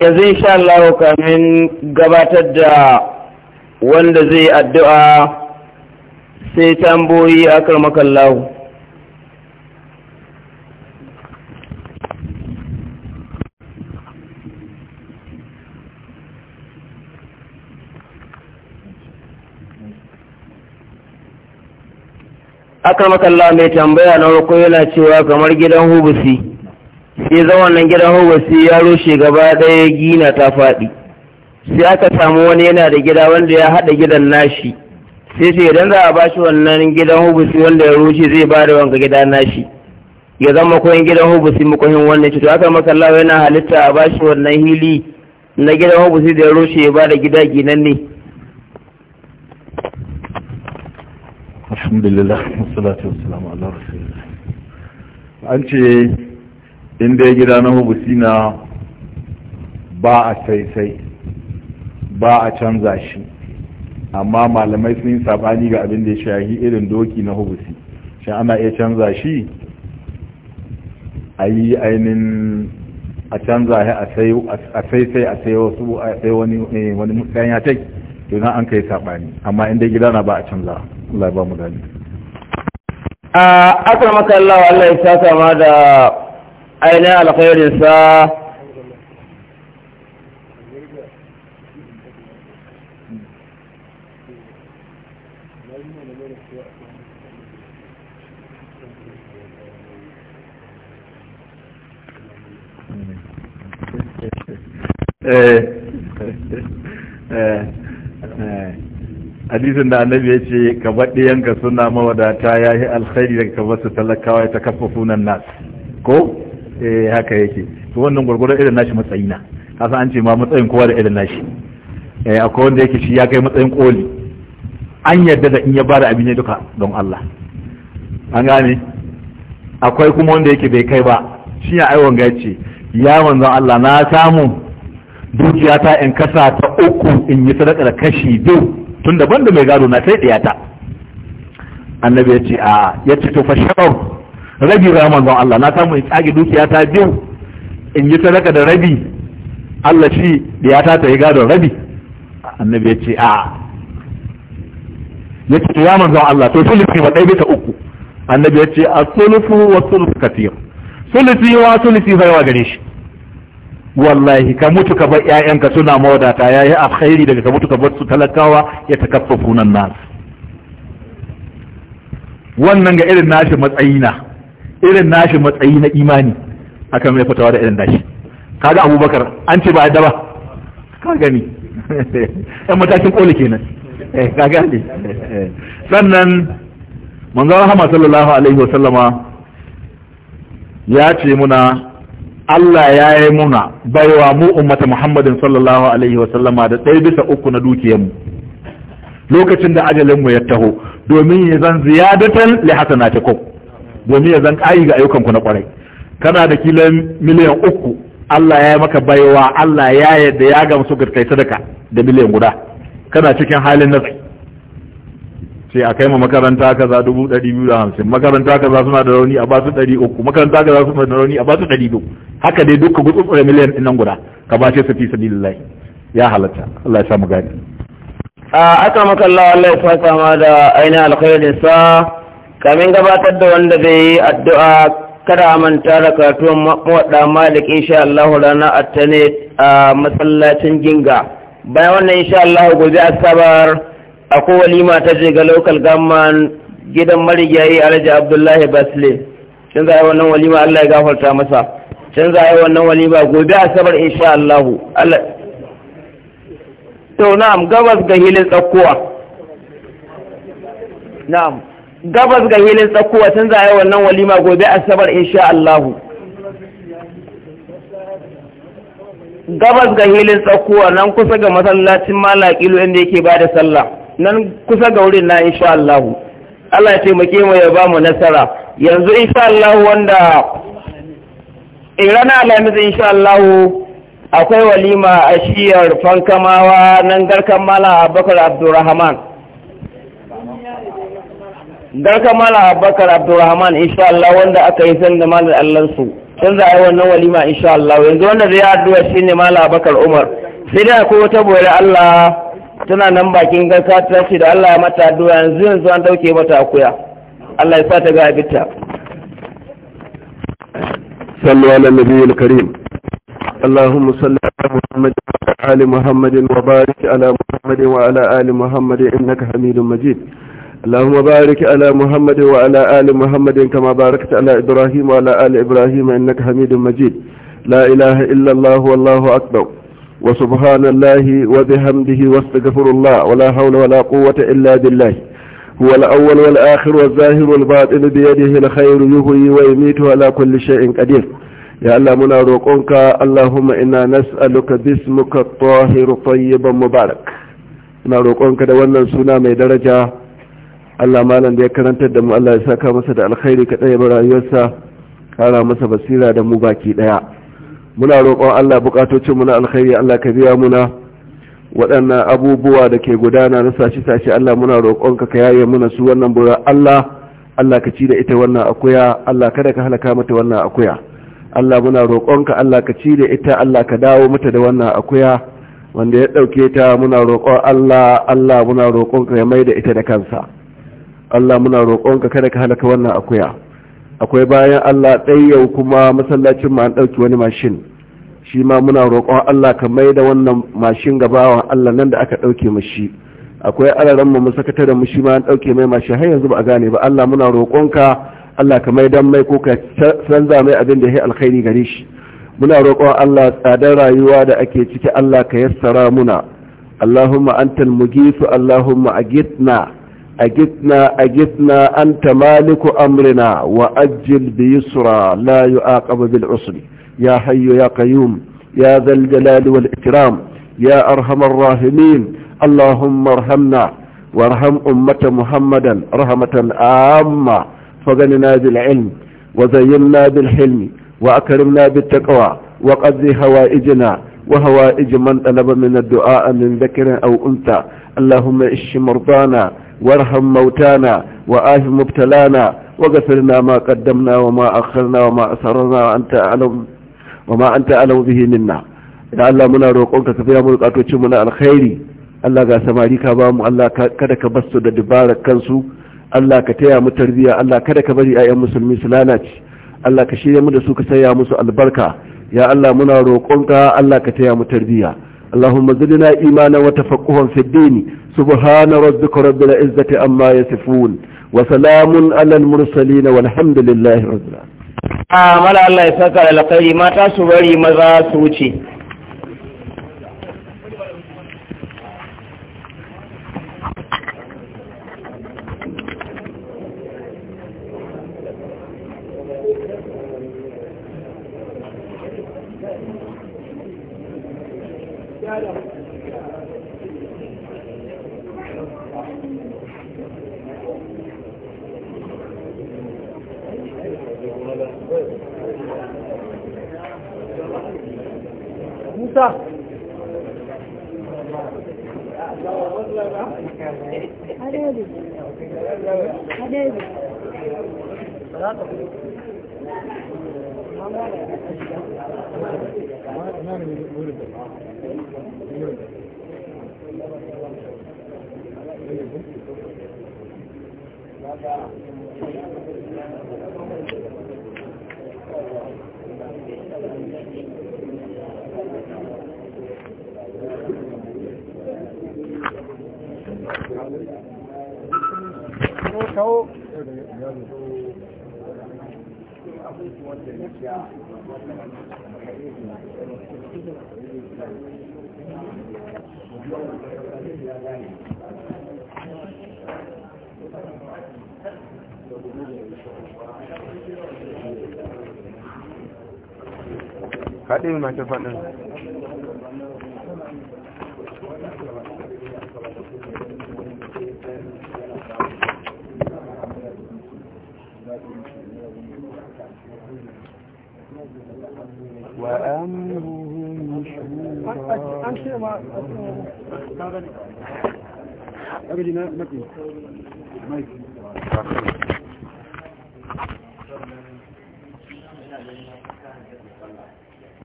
yanzu insha Allah kamin gabatar da wanda zai addu'a sai tamboyi a karmakan lahu akan makalla mai tambaya na rukun yana cewa kamar gidan hubusi sai zama wannan gidan hawa sai ya rushe gaba ɗaya gina ta faɗi sai aka samu wani yana da gida wanda ya haɗa gidan nashi sai sai idan za a ba shi wannan gidan hubusi wanda ya rushe zai ba da wanka gida nashi ya zama koyin gidan hubusi mukohin wannan cuta aka makalla yana halitta a ba shi wannan hili na gidan hubusi da ya rushe ya ba da gida ginan ne alhamdulillah wassalatu wassalamu ala rasulillah an ce in dai gida na hubusi na ba a sai ba a canza shi amma malamai sun yi sabani ga abin da ya shahi irin doki na hubusi shi ana iya canza shi a yi ainihin a canza shi a sai sai a sai wasu a sai wani eh, wani ya tai to na an kai sabani amma in dai na ba a canza Allah ba mu gani a akwai Allah da ainihin eh, alkhairinsa eh, eh, hadisin da annabi ya ce ka baɗi yanka suna mawadata ya yi alkhairi daga kamar su talakawa ya ta kafa sunan nasu ko eh haka yake to wannan gurgurdan irin nashi matsayi na kasa an ce ma matsayin kowa da irin nashi eh akwai wanda yake shi ya kai matsayin koli an yarda da in ya bada abin ne duka don Allah an gane akwai kuma wanda yake bai kai ba shi ya aiwon gaci ya manzon Allah na samu dukiya ta in kasa ta uku in yi sadaka da kashi biyu tun daban da mai gado na sai ta. annabi ya ce a ya ce to fashawar rabi ra manzon Allah na samu in tsage dukiya ta biyu in yi sadaka da rabi Allah shi da ya ta yi gadon rabi annabi ya ce a ya ce ya manzon Allah to sulufi ba ɗaya bisa uku annabi ya ce a sulufu wa sulufu katir sulufi wa sulufi baiwa gare shi wallahi ka mutu ka bar ƴaƴanka suna mawadata yayi alkhairi daga ka mutu ka bar su talakawa ya takaffafu nan nasu wannan ga irin nashi matsayina irin nashi matsayi na imani akan mai fatawa da irin nashi kaga abubakar an ce ba da ba ka gani yan matakin koli kenan eh, ka gani sannan manzon rahama sallallahu alaihi wa sallama ya ce muna Allah ya yi muna baiwa mu ummata Muhammadin sallallahu alaihi wa sallama da ɗaya bisa uku na dukiyarmu lokacin da ajalinmu ya taho domin ya zan ziyadatan li hasanatikum domin ya zan ƙayi ga ayyukanku na kwarai kana da kila miliyan uku Allah ya yi maka baiwa Allah ya yadda ya gamsu ka kai sadaka da miliyan guda kana cikin halin nazari sai a kai ma makaranta kaza dubu ɗari biyu da hamsin makaranta kaza suna da rauni a ba su ɗari uku makaranta kaza suna da rauni a ba su ɗari biyu haka dai duka gutsutsura miliyan ɗin nan guda ka ba ce su fi sabilillahi ya halatta Allah ya samu gani a aka maka Allah wallahi ya fata ma da ainihin alkhairin sa kamin gabatar da wanda zai yi addu'a kada manta da karatuwan mawaɗa malik insha Allah rana a ta ne a masallacin ginga bayan wannan insha Allah gobe asabar akwai walima ta je ga local government gidan marigayi alhaji abdullahi basle can za a yi wannan walima Allah ya gafarta masa can za a yi wannan walima gobe asabar insha Allah to na'am gabas ga hilin tsakkuwa na'am gabas ga hilin tsakuwa tun za a yi wannan walima gobe asabar insha Allahu gabas ga hilin tsakuwa nan kusa ga masallacin malakilu inda yake ba da sallah nan kusa ga wurin na insha Allahu Allah ya taimake mu ya ba mu nasara yanzu insha Allahu wanda irana alamis insha Allahu akwai walima a shiyar fankamawa nan garkan mala abubakar abdurrahman daga mala abakar abdurrahman insha Allah wanda aka yi san da malar allansu sun za a yi wannan walima insha Allah yanzu wanda zai addu'a shine mala abakar umar sai dai ko wata boye Allah tana nan bakin gasa ta ce da Allah ya mata addu'a yanzu yanzu an dauke mata akuya Allah ya sa ta ga bitta sallu ala nabiyil karim اللهم صل على محمد وعلى آل محمد وبارك على محمد وعلى آل محمد إنك حميد مجيد اللهم بارك على محمد وعلى آل محمد كما باركت على إبراهيم وعلى آل إبراهيم إنك حميد مجيد لا إله إلا الله والله أكبر وسبحان الله وبحمده واستغفر الله ولا حول ولا قوة إلا بالله هو الأول والآخر والظاهر والباطن بيده الخير يهوي ويميت على كل شيء قدير يا الله منا روقونك اللهم إنا نسألك باسمك الطاهر طيبا مبارك منا روقونك دوانا سنة مدرجة Allah malam da ya karantar da mu Allah ya saka masa da alkhairi ka ɗaya rayuwarsa kara masa basira da mu baki ɗaya muna roƙon Allah bukatocin mu na alkhairi Allah ka biya muna waɗannan abubuwa da ke gudana na sashi sashi Allah muna roƙon ka ka yaye muna su wannan bura Allah Allah ka ci da ita wannan akuya Allah kada ka halaka mata wannan akuya Allah muna roƙon ka Allah ka ci da ita Allah ka dawo mata da wannan akuya wanda ya ɗauke ta muna roƙon Allah Allah muna roƙon ka ya mai da ita da kansa Allah muna roƙonka kada ka halaka wannan akuya akwai bayan Allah yau kuma masallacin mu an ɗauki wani mashin shi ma muna roƙon Allah ka mai da wannan mashin gabawa Allah nan da aka ɗauke mu shi akwai alaran mu sakataren mu shi ma an ɗauke mai mashin har yanzu ba a gane ba Allah muna roƙonka Allah ka mai dan mai ko ka canza mai abin da ya alkhairi gare shi muna roƙon Allah tsadar rayuwa da ake ciki Allah ka yassara muna Allahumma antal mugisu Allahumma agitna أجتنا أجتنا أنت مالك أمرنا وأجل بيسرى لا يعاقب بالعسر يا حي يا قيوم يا ذا الجلال والإكرام يا أرحم الراحمين اللهم ارحمنا وارحم أمة محمدا رحمة عامة فغننا بالعلم وزينا بالحلم وأكرمنا بالتقوى وقضي هوائجنا وهوائج من طلب من الدعاء من ذكر أو أنثى اللهم اشف مرضانا وارحم موتانا وآف مبتلانا وغفرنا ما قدمنا وما أخرنا وما أسررنا وأنت أعلم وما أنت أعلم به منا يا الله منا روقك كفيا ملقاتو منا الخير الله قال سماري كبام الله كدك بس دبارك كنسو الله كتيا متربية الله كدك بري أي مسلمي سلانات الله كشيري shirya mu da su ka saya musu albarka ya Allah muna roƙonka اللهم زدنا إيمانا وتفقها في الدين سبحان ربك رب العزة عما يصفون وسلام على المرسلين والحمد لله رب العالمين آمال الله يسكر لقيمة سوري مزا سوچي Musa Hadi kawo kaɗe mai ta faɗin an ce ma Thank you.